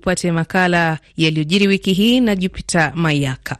upate makala yaliyojiri wiki hii na jupita Mayaka.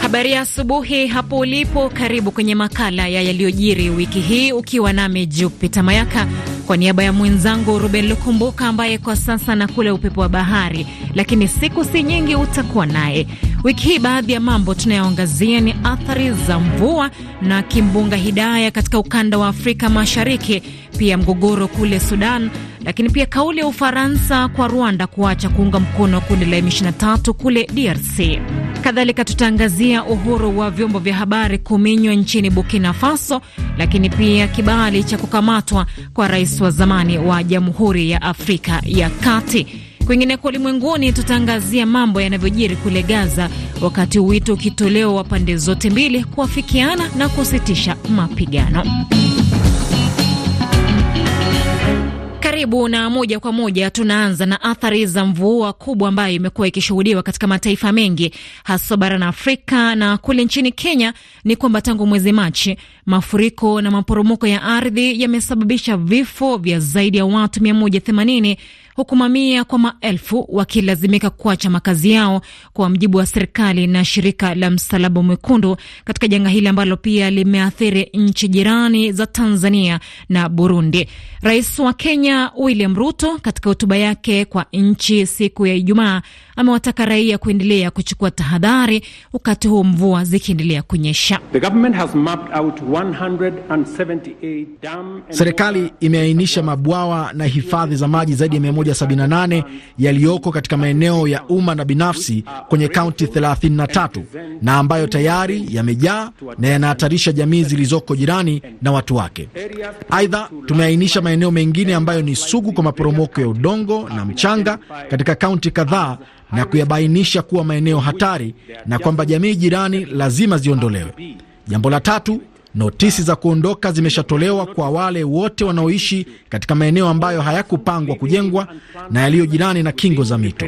Habari ya asubuhi hapo ulipo, karibu kwenye makala ya yaliyojiri wiki hii, ukiwa nami Jupita Mayaka kwa niaba ya mwenzangu Ruben Lukumbuka ambaye kwa sasa na kule upepo wa bahari, lakini siku si nyingi utakuwa naye. Wiki hii baadhi ya mambo tunayoangazia ni athari za mvua na kimbunga Hidaya katika ukanda wa Afrika Mashariki, pia mgogoro kule Sudan, lakini pia kauli ya Ufaransa kwa Rwanda kuacha kuunga mkono kundi la M23 kule DRC. Kadhalika tutaangazia uhuru wa vyombo vya habari kuminywa nchini Burkina Faso, lakini pia kibali cha kukamatwa kwa rais wa zamani wa Jamhuri ya Afrika ya Kati. Kwingineko ulimwenguni, tutaangazia mambo yanavyojiri kule Gaza, wakati wito ukitolewa wa pande zote mbili kuafikiana na kusitisha mapigano. Karibu na moja kwa moja, tunaanza na athari za mvua kubwa ambayo imekuwa ikishuhudiwa katika mataifa mengi hasa barani Afrika na kule nchini Kenya. Ni kwamba tangu mwezi Machi, mafuriko na maporomoko ya ardhi yamesababisha vifo vya zaidi ya watu 180 huku mamia kwa maelfu wakilazimika kuacha makazi yao, kwa mjibu wa serikali na shirika la Msalaba Mwekundu katika janga hili ambalo pia limeathiri nchi jirani za Tanzania na Burundi. Rais wa Kenya William Ruto katika hotuba yake kwa nchi siku ya Ijumaa amewataka raia kuendelea kuchukua tahadhari wakati huo mvua zikiendelea kunyesha. Serikali imeainisha mabwawa na hifadhi za maji zaidi ya 178 yaliyoko katika maeneo ya umma na binafsi kwenye kaunti 33 na ambayo tayari yamejaa na yanahatarisha jamii zilizoko jirani na watu wake. Aidha, tumeainisha maeneo mengine ambayo ni sugu kwa maporomoko ya udongo na mchanga katika kaunti kadhaa na kuyabainisha kuwa maeneo hatari na kwamba jamii jirani lazima ziondolewe. Jambo la tatu, notisi za kuondoka zimeshatolewa kwa wale wote wanaoishi katika maeneo ambayo hayakupangwa kujengwa na yaliyo jirani na kingo za mito.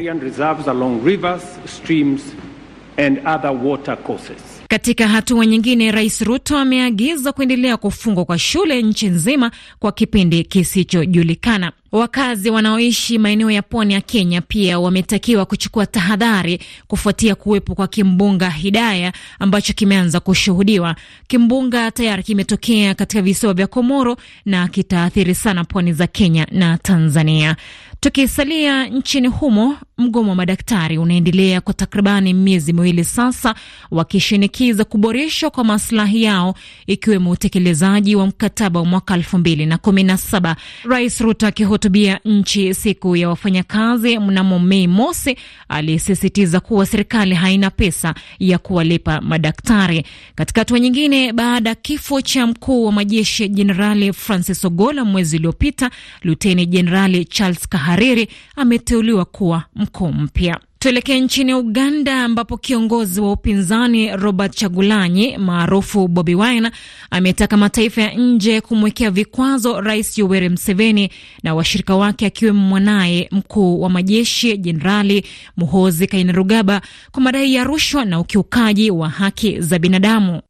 Katika hatua nyingine, Rais Ruto ameagiza kuendelea kufungwa kwa shule nchi nzima kwa kipindi kisichojulikana. Wakazi wanaoishi maeneo ya pwani ya Kenya pia wametakiwa kuchukua tahadhari kufuatia kuwepo kwa kimbunga Hidaya ambacho kimeanza kushuhudiwa. Kimbunga tayari kimetokea katika visiwa vya Komoro na kitaathiri sana pwani za Kenya na Tanzania. Tukisalia nchini humo, mgomo wa madaktari unaendelea kwa takribani miezi miwili sasa, wakishinikiza kuboreshwa kwa maslahi yao, ikiwemo utekelezaji wa mkataba wa mwaka elfu mbili na kumi na saba. Rais Ruto akihutubia nchi siku ya wafanyakazi mnamo Mei mosi, alisisitiza kuwa serikali haina pesa ya kuwalipa madaktari. Katika hatua nyingine, baada ya kifo cha mkuu wa majeshi Jenerali Francis Ogola mwezi uliopita, Luteni Jenerali Charles Kahari Hariri ameteuliwa kuwa mkuu mpya. Tuelekee nchini Uganda ambapo kiongozi wa upinzani Robert Chagulanyi maarufu Bobi Wine ametaka mataifa ya nje kumwekea vikwazo Rais Yoweri Museveni na washirika wake akiwemo mwanaye mkuu wa majeshi Jenerali Muhozi Kainerugaba kwa madai ya rushwa na ukiukaji wa haki za binadamu.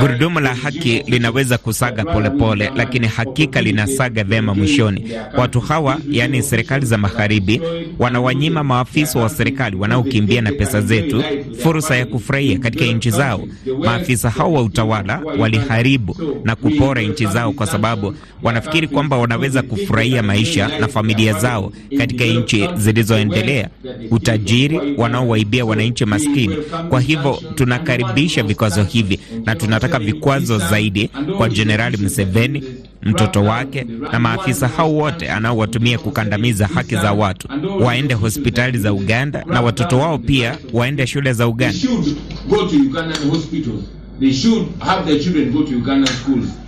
Gurudumu la haki linaweza kusaga polepole pole, lakini hakika linasaga vyema mwishoni. Watu hawa, yaani serikali za magharibi, wanawanyima maafisa wa serikali wanaokimbia na pesa zetu fursa ya kufurahia katika nchi zao. Maafisa hao wa utawala waliharibu na kupora nchi zao kwa sababu wanafikiri kwamba wanaweza kufurahia maisha na familia zao katika nchi zilizoendelea, utajiri wanaowaibia wananchi maskini. Kwa hivyo tunakaribisha vikwazo hivi na tunataka vikwazo zaidi kwa Jenerali Museveni mtoto wake na maafisa hao wote anaowatumia kukandamiza haki za watu waende hospitali za Uganda na watoto wao pia waende shule za Uganda.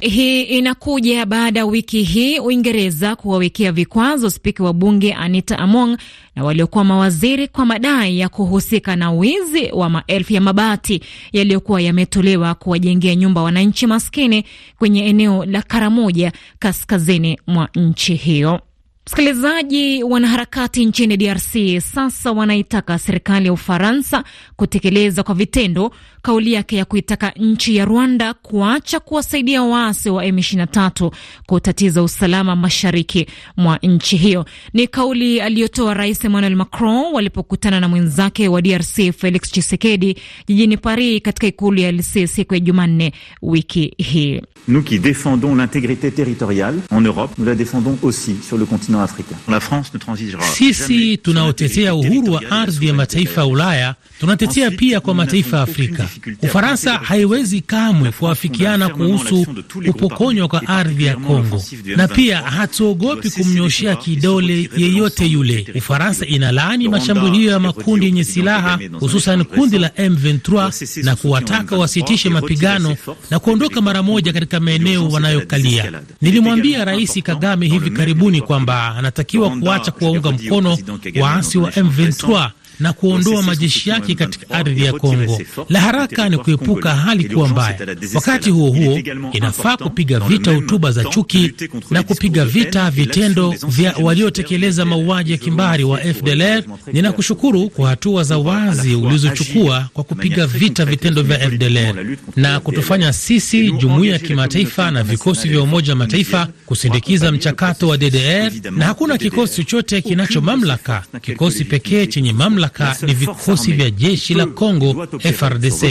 Hii inakuja baada ya wiki hii Uingereza kuwawekea vikwazo spika wa bunge Anita Among na waliokuwa mawaziri kwa madai ya kuhusika na wizi wa maelfu ya mabati yaliyokuwa yametolewa kuwajengea nyumba wananchi maskini kwenye eneo la Karamoja kaskazini mwa nchi hiyo. Msikilizaji, wanaharakati nchini DRC sasa wanaitaka serikali ya Ufaransa kutekeleza kwa vitendo kauli yake ya kuitaka nchi ya Rwanda kuacha kuwasaidia waasi wa M23 kutatiza usalama mashariki mwa nchi hiyo. Ni kauli aliyotoa Rais Emmanuel Macron walipokutana na mwenzake wa DRC Felix Tshisekedi jijini Paris katika ikulu ya lc siku ya Jumanne wiki hii. nous qui defendons l'integrite territoriale en Europe nous la aussi sur le continent continent africain. La France ne transigera. Sisi tunaotetea uhuru wa ardhi ya mataifa ya Ulaya tunatetea pia kwa mataifa ya Afrika. Ufaransa haiwezi kamwe kuafikiana kuhusu kupokonywa kwa ardhi ya Kongo, na pia hatuogopi kumnyoshea kidole yeyote yule. Ufaransa inalaani mashambulio ya makundi yenye silaha hususan kundi la M23 na kuwataka wasitishe mapigano na kuondoka mara moja katika maeneo wanayokalia. Nilimwambia Rais Kagame hivi karibuni kwamba anatakiwa kuacha kuwaunga mkono waasi wa M23 na kuondoa majeshi yake katika ardhi ya Kongo. La haraka ni kuepuka hali kuwa mbaya. Wakati huo huo, inafaa kupiga vita hotuba za chuki na kupiga vita vitendo vya waliotekeleza mauaji ya kimbari wa FDLR. Ninakushukuru kwa hatua za wazi ulizochukua kwa kupiga vita vitendo vya FDLR na kutufanya sisi, jumuiya ya kimataifa na vikosi vya Umoja wa Mataifa kusindikiza mchakato wa DDR, na hakuna kikosi chochote kinacho mamlaka. Kikosi pekee chenye mamlaka mamlaka ni vikosi vya jeshi la Congo FRDC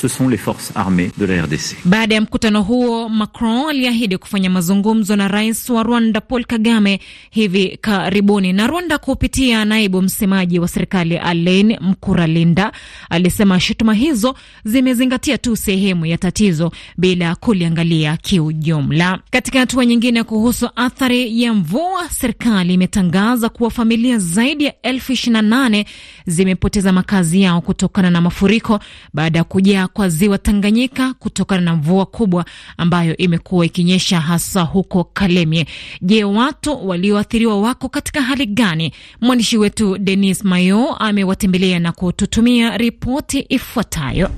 ce sont les forces armées de la RDC. Baada ya mkutano huo, Macron aliahidi kufanya mazungumzo na rais wa Rwanda Paul Kagame hivi karibuni. Na Rwanda kupitia naibu msemaji wa serikali Alain Mkuralinda alisema shutuma hizo zimezingatia tu sehemu ya tatizo bila kuliangalia kiujumla. Katika hatua nyingine kuhusu athari ya mvua, serikali imetangaza kuwa familia zaidi ya elfu ishirini na nane zimepoteza makazi yao kutokana na mafuriko baada ya kujaa kwa ziwa Tanganyika kutokana na mvua kubwa ambayo imekuwa ikinyesha hasa huko Kalemie. Je, watu walioathiriwa wako katika hali gani? Mwandishi wetu Denis Mayo amewatembelea na kututumia ripoti ifuatayo.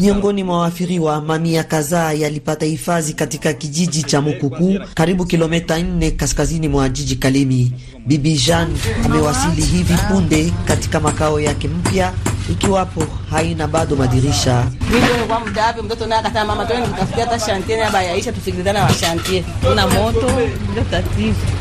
Miongoni mwa waathiriwa, mamia kadhaa yalipata hifadhi katika kijiji cha Mukuku, karibu kilomita 4 kaskazini mwa jiji Kalemi. Bibi Jean amewasili hivi punde katika makao yake mpya ikiwapo haina bado madirisha. Mimi kwa muda wapi? mtoto naye akataa, mama, twende tutafikia hata shantie na baya isha, wa shantie. Kuna moto ndio tatizo.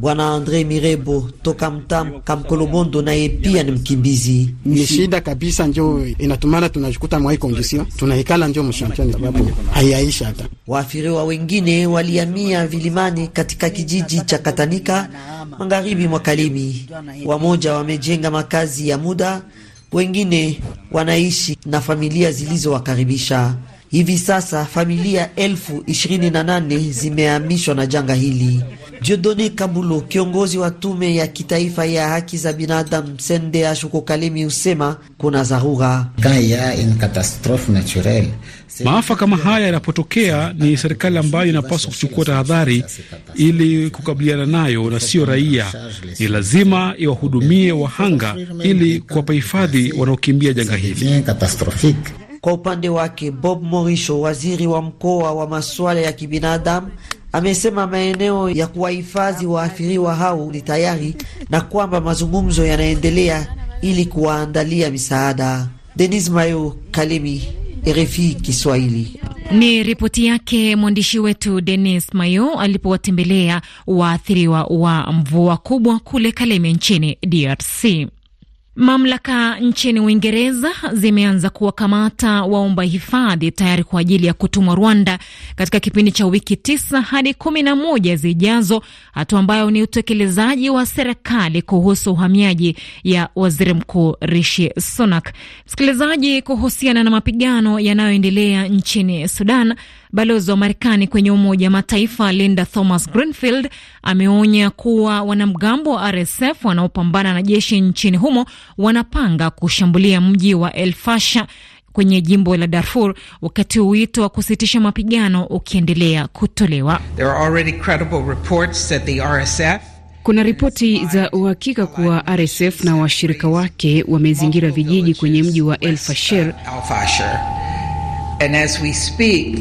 Bwana Andre Mirebo toka mtam Kamkolobondo, naye pia ni mkimbizi. Ni shida kabisa, njo inatumana tunajikuta mwai kondisio tunaikala njo mshantani, sababu haiaisha hata. Waafiriwa wengine waliamia vilimani katika kijiji cha Katanika magharibi mwa Kalemi. Wamoja wamejenga makazi ya muda, wengine wanaishi na familia zilizowakaribisha. Hivi sasa familia elfu ishirini na nane zimehamishwa na janga hili. Jodone Kambulo, kiongozi wa tume ya kitaifa ya haki za binadamu Sende Ashuko Kalemi, husema kuna dharura. Maafa kama haya yanapotokea, ni serikali ambayo inapaswa kuchukua tahadhari ili kukabiliana nayo na sio raia. Ni lazima iwahudumie wahanga ili kuwapa hifadhi wanaokimbia janga hili. Kwa upande wake, Bob Morisho, waziri wa mkoa wa masuala ya kibinadamu, amesema maeneo ya kuwahifadhi waathiriwa hao ni tayari na kwamba mazungumzo yanaendelea ili kuwaandalia misaada. Denis Mayo, Kalemi, RFI Kiswahili. Ni ripoti yake mwandishi wetu Denis Mayo alipowatembelea waathiriwa wa mvua kubwa kule Kalemi nchini DRC. Mamlaka nchini Uingereza zimeanza kuwakamata waomba hifadhi tayari kwa ajili ya kutumwa Rwanda katika kipindi cha wiki tisa hadi kumi na moja zijazo, hatua ambayo ni utekelezaji wa serikali kuhusu uhamiaji ya waziri mkuu Rishi Sunak. Msikilizaji, kuhusiana na mapigano yanayoendelea nchini Sudan, Balozi wa Marekani kwenye Umoja wa Mataifa Linda Thomas Greenfield ameonya kuwa wanamgambo wa RSF wanaopambana na jeshi nchini humo wanapanga kushambulia mji wa El Fasha kwenye jimbo la Darfur wakati wito wa kusitisha mapigano ukiendelea kutolewa. kuna ripoti za uhakika kuwa RSF na washirika wake wamezingira vijiji kwenye mji wa El Fasher speak,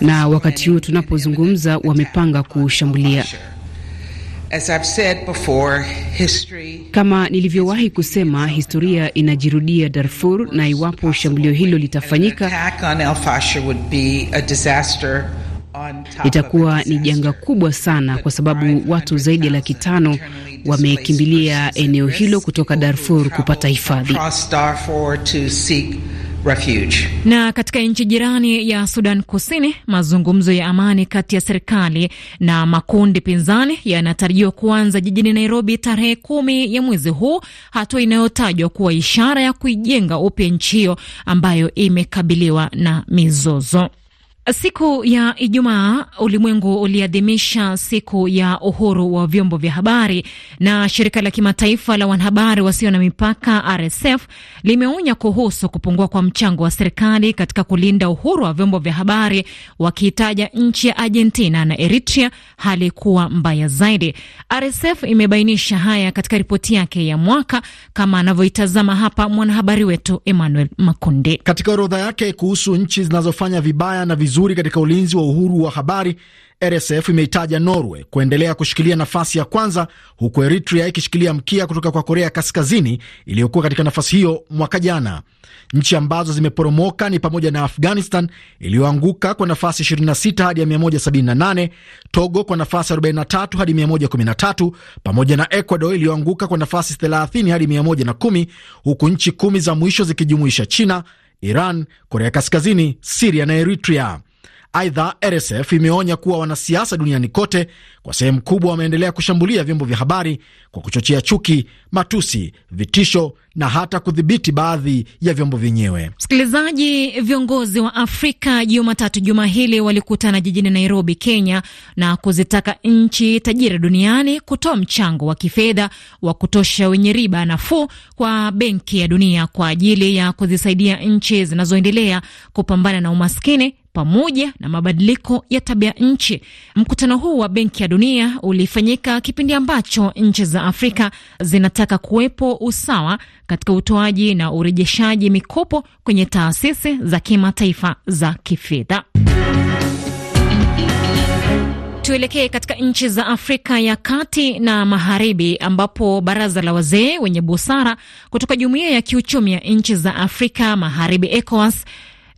na wakati huu tunapozungumza wamepanga kuushambulia. Kama nilivyowahi kusema, historia inajirudia Darfur, na iwapo shambulio hilo litafanyika itakuwa ni janga kubwa sana, kwa sababu watu zaidi ya laki tano wamekimbilia eneo hilo kutoka Darfur kupata hifadhi refuge. Na katika nchi jirani ya Sudan Kusini, mazungumzo ya amani kati ya serikali na makundi pinzani yanatarajiwa kuanza jijini Nairobi tarehe kumi ya mwezi huu, hatua inayotajwa kuwa ishara ya kuijenga upya nchi hiyo ambayo imekabiliwa na mizozo. Siku ya Ijumaa ulimwengu uliadhimisha siku ya uhuru wa vyombo vya habari, na shirika la kimataifa la wanahabari wasio na mipaka RSF limeonya kuhusu kupungua kwa mchango wa serikali katika kulinda uhuru wa vyombo vya habari, wakiitaja nchi ya Argentina na Eritrea hali kuwa mbaya zaidi. RSF imebainisha haya katika ripoti yake ya mwaka, kama anavyoitazama hapa mwanahabari wetu Emmanuel Makundi Katika orodha yake kuhusu nchi zinazofanya vibaya na vizu vizuri katika ulinzi wa uhuru wa habari, RSF imeitaja Norway kuendelea kushikilia nafasi ya kwanza, huku Eritrea ikishikilia mkia kutoka kwa Korea Kaskazini iliyokuwa katika nafasi hiyo mwaka jana. Nchi ambazo zimeporomoka ni pamoja na Afghanistan iliyoanguka kwa nafasi 26 hadi ya 178, Togo kwa nafasi 43 hadi 113, pamoja na Ecuador iliyoanguka kwa nafasi 30 hadi 110, huku nchi kumi za mwisho zikijumuisha China, Iran, Korea Kaskazini, Siria na Eritrea. Aidha, RSF imeonya kuwa wanasiasa duniani kote kwa sehemu kubwa wameendelea kushambulia vyombo vya habari kwa kuchochea chuki, matusi, vitisho na hata kudhibiti baadhi ya vyombo vyenyewe. Msikilizaji, viongozi wa Afrika Jumatatu juma hili walikutana jijini Nairobi, Kenya, na kuzitaka nchi tajiri duniani kutoa mchango wa kifedha wa kutosha wenye riba nafuu kwa Benki ya Dunia kwa ajili ya kuzisaidia nchi zinazoendelea kupambana na umaskini pamoja na mabadiliko ya tabia nchi. Mkutano huu wa Benki ya Dunia ulifanyika kipindi ambacho nchi za Afrika zinataka kuwepo usawa katika utoaji na urejeshaji mikopo kwenye taasisi za kimataifa za kifedha. Tuelekee katika nchi za Afrika ya kati na magharibi ambapo baraza la wazee wenye busara kutoka jumuiya ya kiuchumi ya nchi za Afrika Magharibi ECOWAS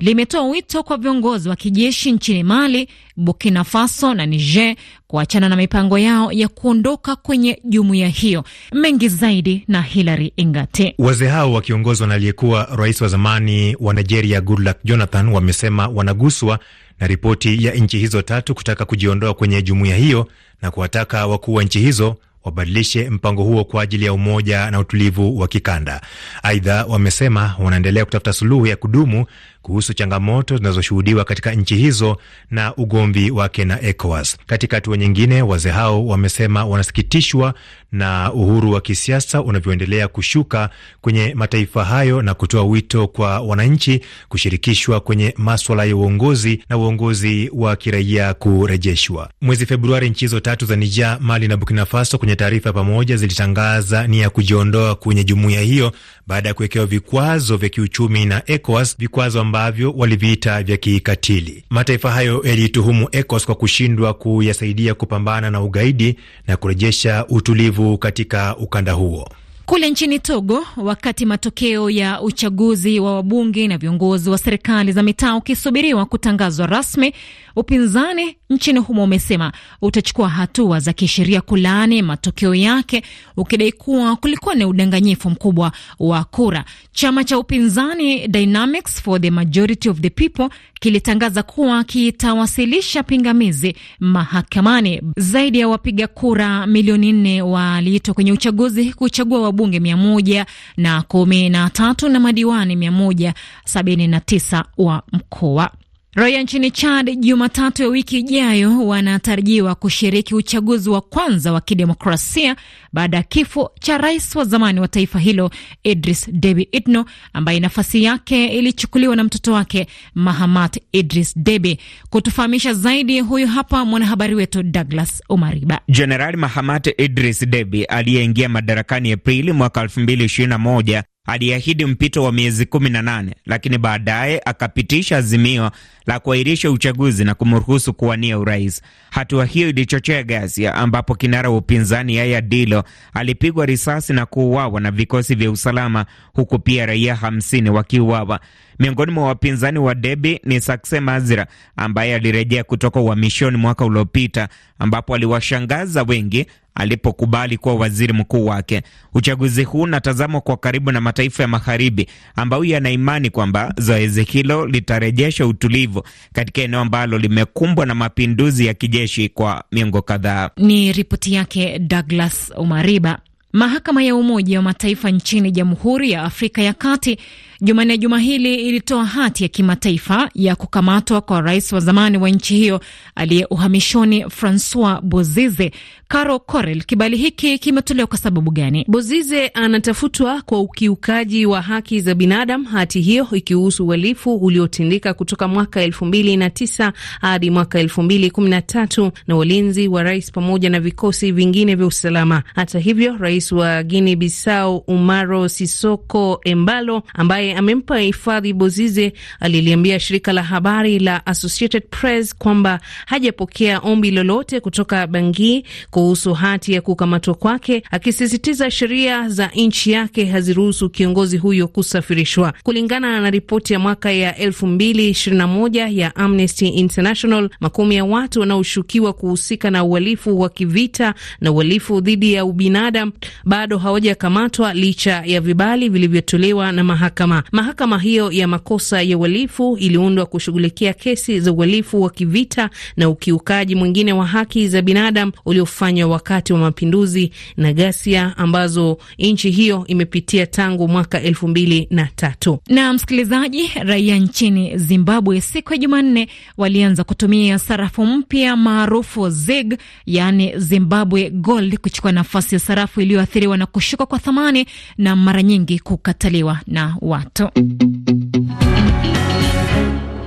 limetoa wito kwa viongozi wa kijeshi nchini Mali, Burkina Faso na Niger kuachana na mipango yao ya kuondoka kwenye jumuiya hiyo. Mengi zaidi na Hilary Ingate. Wazee hao wakiongozwa na aliyekuwa rais wa zamani wa Nigeria Goodluck Jonathan wamesema wanaguswa na ripoti ya nchi hizo tatu kutaka kujiondoa kwenye jumuiya hiyo na kuwataka wakuu wa nchi hizo wabadilishe mpango huo kwa ajili ya umoja na utulivu wa kikanda. Aidha, wamesema wanaendelea kutafuta suluhu ya kudumu kuhusu changamoto zinazoshuhudiwa katika nchi hizo na ugomvi wake na ECOWAS. Katika hatua nyingine, wazee hao wamesema wanasikitishwa na uhuru wa kisiasa unavyoendelea kushuka kwenye mataifa hayo na kutoa wito kwa wananchi kushirikishwa kwenye maswala ya uongozi na uongozi wa kiraia kurejeshwa. Mwezi Februari, nchi hizo tatu za Niger, Mali na Burkina Faso kwenye taarifa pamoja zilitangaza nia ya kujiondoa kwenye jumuiya hiyo baada ya kuwekewa vikwazo vya kiuchumi na ECOWAS, vikwazo ambavyo waliviita vya kikatili. Mataifa hayo yaliituhumu ECOWAS kwa kushindwa kuyasaidia kupambana na ugaidi na kurejesha utulivu katika ukanda huo. Kule nchini Togo, wakati matokeo ya uchaguzi wa wabunge na viongozi wa serikali za mitaa ukisubiriwa kutangazwa rasmi, Upinzani nchini humo umesema utachukua hatua za kisheria kulaani matokeo yake, ukidai kuwa kulikuwa na udanganyifu mkubwa wa kura. Chama cha upinzani Dynamics for the Majority of the People kilitangaza kuwa kitawasilisha pingamizi mahakamani. Zaidi ya wapiga kura milioni nne waliitwa kwenye uchaguzi kuchagua wabunge mia moja na kumi na tatu na madiwani mia moja sabini na tisa wa mkoa. Raia nchini Chad Jumatatu ya wiki ijayo wanatarajiwa kushiriki uchaguzi wa kwanza wa kidemokrasia baada ya kifo cha rais wa zamani wa taifa hilo Idris Deby Itno, ambaye nafasi yake ilichukuliwa na mtoto wake Mahamat Idris Deby. Kutufahamisha zaidi, huyu hapa mwanahabari wetu Douglas Omariba. Jenerali Mahamat Idris Deby aliyeingia madarakani Aprili mwaka 2021 aliahidi mpito wa miezi 18 lakini baadaye akapitisha azimio la kuahirisha uchaguzi na kumruhusu kuwania urais. Hatua hiyo ilichochea ghasia, ambapo kinara wa upinzani Yaya Dilo alipigwa risasi na kuuawa na vikosi vya usalama, huku pia raia 50 wakiuawa. Miongoni mwa wapinzani wa Debi ni Sakse Mazira ambaye alirejea kutoka uhamishoni mwaka uliopita, ambapo aliwashangaza wengi alipokubali kuwa waziri mkuu wake. Uchaguzi huu unatazamwa kwa karibu na mataifa ya magharibi ambayo yana kwamba zoezi hilo litarejesha utulivu katika eneo ambalo limekumbwa na mapinduzi ya kijeshi kwa miongo kadhaa. Ni ripoti yake Douglas umariba Mahakama ya Umoja wa Mataifa nchini Jamhuri ya Afrika ya Kati Jumanne juma hili ilitoa hati ya kimataifa ya kukamatwa kwa rais wa zamani wa nchi hiyo aliye uhamishoni Francois Bozize. Caro Corel, kibali hiki kimetolewa kwa sababu gani? Bozize anatafutwa kwa ukiukaji wa haki za binadamu, hati hiyo ikihusu uhalifu uliotindika kutoka mwaka elfu mbili na tisa hadi mwaka elfu mbili kumi na tatu na walinzi wa rais pamoja na vikosi vingine vya usalama. Hata hivyo, rais wa Guinea Bissau Umaro Sisoko Embalo ambaye ambaye amempa hifadhi Bozize aliliambia shirika la habari la Associated Press kwamba hajapokea ombi lolote kutoka Bangi kuhusu hati ya kukamatwa kwake, akisisitiza sheria za nchi yake haziruhusu kiongozi huyo kusafirishwa. Kulingana na ripoti ya mwaka ya 2021 ya Amnesty International, makumi ya watu wanaoshukiwa kuhusika na uhalifu wa kivita na uhalifu dhidi ya ubinadamu bado hawajakamatwa licha ya vibali vilivyotolewa na mahakama mahakama. hiyo ya makosa ya uhalifu iliundwa kushughulikia kesi za uhalifu wa kivita na ukiukaji mwingine wa haki za binadamu uliofanywa wakati wa mapinduzi na ghasia ambazo nchi hiyo imepitia tangu mwaka elfu mbili na tatu. Na msikilizaji, raia nchini Zimbabwe siku ya Jumanne walianza kutumia sarafu mpya maarufu ZiG, yaani Zimbabwe Gold, kuchukua nafasi ya sarafu iliyoathiriwa na kushuka kwa thamani na mara nyingi kukataliwa na watu tatu.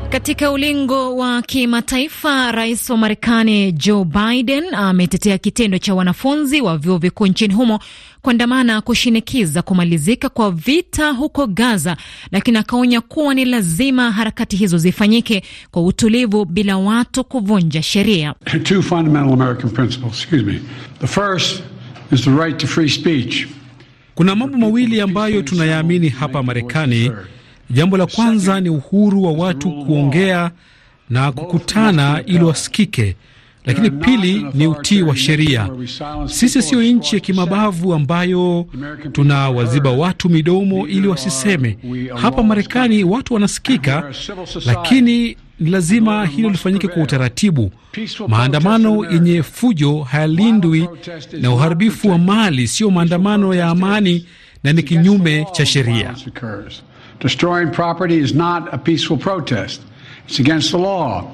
Katika ulingo wa kimataifa, rais wa Marekani Joe Biden ametetea kitendo cha wanafunzi wa vyuo vikuu nchini humo kuandamana kushinikiza kumalizika kwa vita huko Gaza, lakini akaonya kuwa ni lazima harakati hizo zifanyike kwa utulivu bila watu kuvunja sheria. Two fundamental American principles, excuse me. The first is the right to free speech. Kuna mambo mawili ambayo tunayaamini hapa Marekani. Jambo la kwanza ni uhuru wa watu kuongea na kukutana ili wasikike, lakini pili ni utii wa sheria. Sisi siyo nchi ya kimabavu ambayo tunawaziba watu midomo ili wasiseme. Hapa Marekani watu wanasikika, lakini lazima hilo lifanyike kwa utaratibu. Maandamano yenye fujo hayalindwi, na uharibifu wa mali sio maandamano ya amani na ni kinyume cha sheria.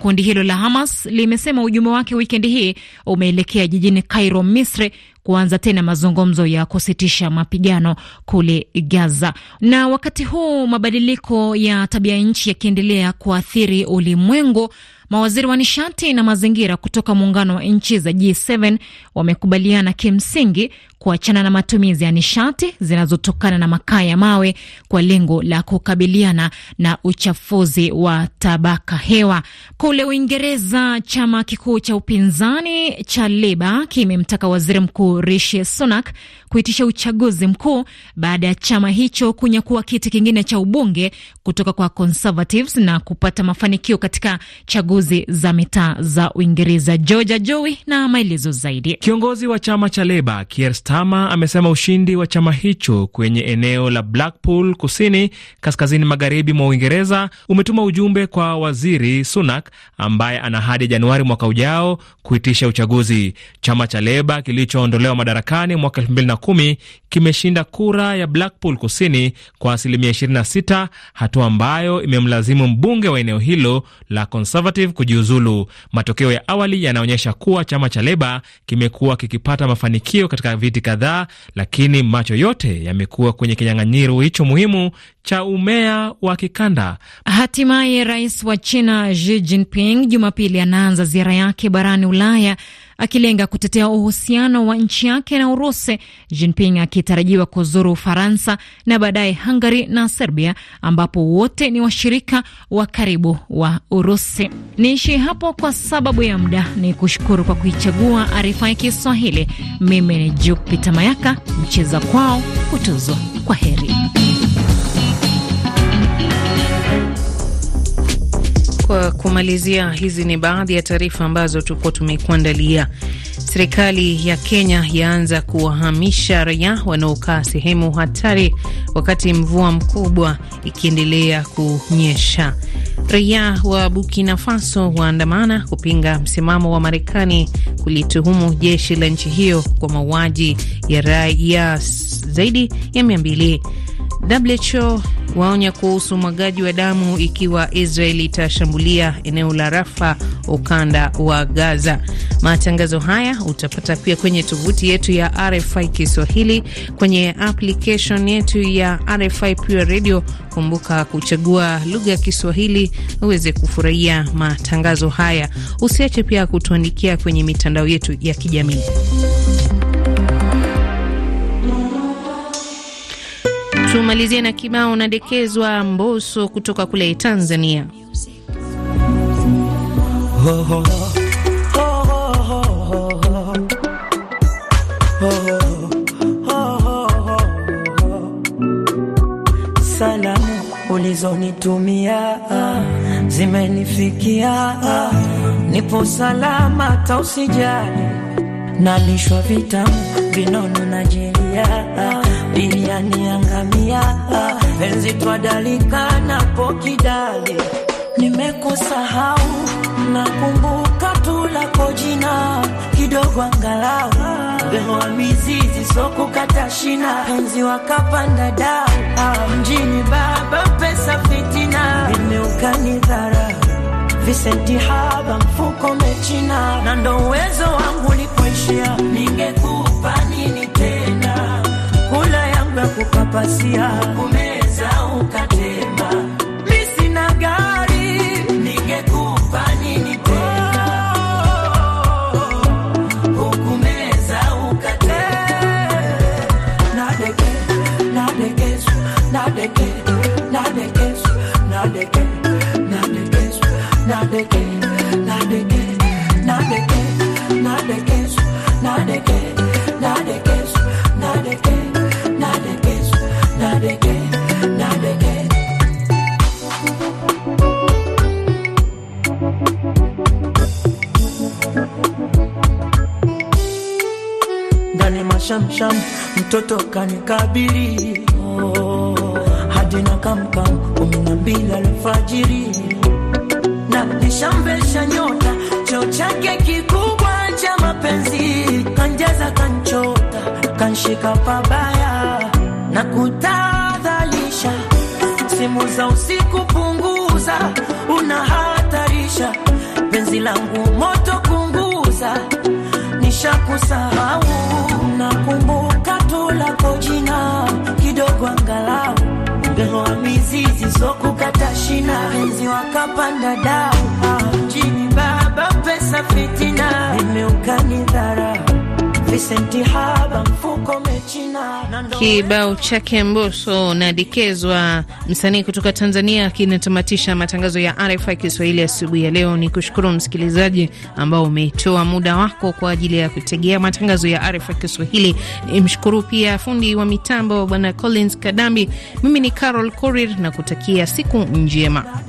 Kundi hilo la Hamas limesema ujumbe wake wikendi hii umeelekea jijini Cairo, Misri, kuanza tena mazungumzo ya kusitisha mapigano kule Gaza. Na wakati huu mabadiliko ya tabia nchi yakiendelea kuathiri ulimwengu, mawaziri wa nishati na mazingira kutoka muungano wa nchi za G7 wamekubaliana kimsingi kuachana na matumizi ya nishati zinazotokana na makaa ya mawe kwa lengo la kukabiliana na uchafuzi wa tabaka hewa. Kule Uingereza, chama kikuu cha upinzani cha Leba kimemtaka waziri mkuu Rishi Sunak kuitisha uchaguzi mkuu baada ya chama hicho kunyakua kiti kingine cha ubunge kutoka kwa Conservatives na kupata mafanikio katika chaguzi za mitaa za Uingereza. Georgia joi na maelezo zaidi. Kiongozi wa chama cha Leba Kier Stama amesema ushindi wa chama hicho kwenye eneo la Blackpool kusini kaskazini magharibi mwa Uingereza umetuma ujumbe kwa waziri Sunak ambaye ana hadi Januari mwaka ujao kuitisha uchaguzi. Chama cha Leba kilichoondolewa madarakani mwaka 2010 kimeshinda kura ya Blackpool kusini kwa asilimia 26, hatua ambayo imemlazimu mbunge wa eneo hilo la Conservative kujiuzulu. Matokeo ya awali yanaonyesha kuwa chama cha Leba kimekuwa kikipata mafanikio katika viti magazeti kadhaa, lakini macho yote yamekuwa kwenye kinyang'anyiro hicho muhimu cha umea wa kikanda. Hatimaye rais wa China Xi Jinping Jumapili anaanza ziara yake barani Ulaya akilenga kutetea uhusiano wa nchi yake na Urusi. Jinping akitarajiwa kuzuru Ufaransa na baadaye Hungary na Serbia, ambapo wote ni washirika wa karibu wa Urusi. Niishi hapo kwa sababu ya muda, ni kushukuru kwa kuichagua arifa ya Kiswahili. Mimi ni Jupita Mayaka, mcheza kwao kutuzwa. Kwa heri. Kwa kumalizia, hizi ni baadhi ya taarifa ambazo tulikuwa tumekuandalia. Serikali ya Kenya yaanza kuwahamisha raia wanaokaa sehemu hatari wakati mvua mkubwa ikiendelea kunyesha. Raia wa Burkina Faso waandamana kupinga msimamo wa Marekani kulituhumu jeshi la nchi hiyo kwa mauaji ya raia zaidi ya mia mbili. WHO waonya kuhusu mwagaji wa damu ikiwa Israeli itashambulia eneo la Rafa, ukanda wa Gaza. Matangazo haya utapata pia kwenye tovuti yetu ya RFI Kiswahili, kwenye application yetu ya RFI Pure Radio. Kumbuka kuchagua lugha ya Kiswahili uweze kufurahia matangazo haya. Usiache pia kutuandikia kwenye mitandao yetu ya kijamii. Tumalizie na kibao nadekezwa Mboso kutoka kule Tanzania. Salamu ulizonitumia zimenifikia, nipo salama, usijali, nalishwa vitamu vinono na Ah duniani angamia, enzi twadalika na pokidali, nimekusahau nakumbuka tulako jina kidogo, angalau lewa mizizi sokukata shina, enzi wakapanda dau mjini, baba pesa fitina, imeukani visenti haba mfuko mechina, na ndo uwezo wangu ulipoishia. Ningekupa nini tena? vya kupapasia kumeza gari, ningekupa nini tena? Hukumeza ukatema. maisha, mtoto kanikabiri oh, hadi nakamka kumi na mbili alfajiri, na nishamvesha nyota cheo chake kikubwa cha mapenzi, kanjaza kanchota, kanshika pabaya na kutadhalisha, simu za usiku punguza, unahatarisha penzi langu moto kunguza nimeshakusahau, nakumbuka tu lako jina kidogo, angalau upewa mizizi sokukata shina, penzi wakapanda dau chini, baba pesa fitina, nimeukanidharau Kibao chake Mboso nadekezwa msanii kutoka Tanzania kinatamatisha matangazo ya RFI Kiswahili asubuhi ya leo. Ni kushukuru msikilizaji ambao umetoa muda wako kwa ajili ya kutegea matangazo ya RFI Kiswahili. ni mshukuru pia fundi wa mitambo Bwana Collins Kadambi. Mimi ni Carol Korir na kutakia siku njema.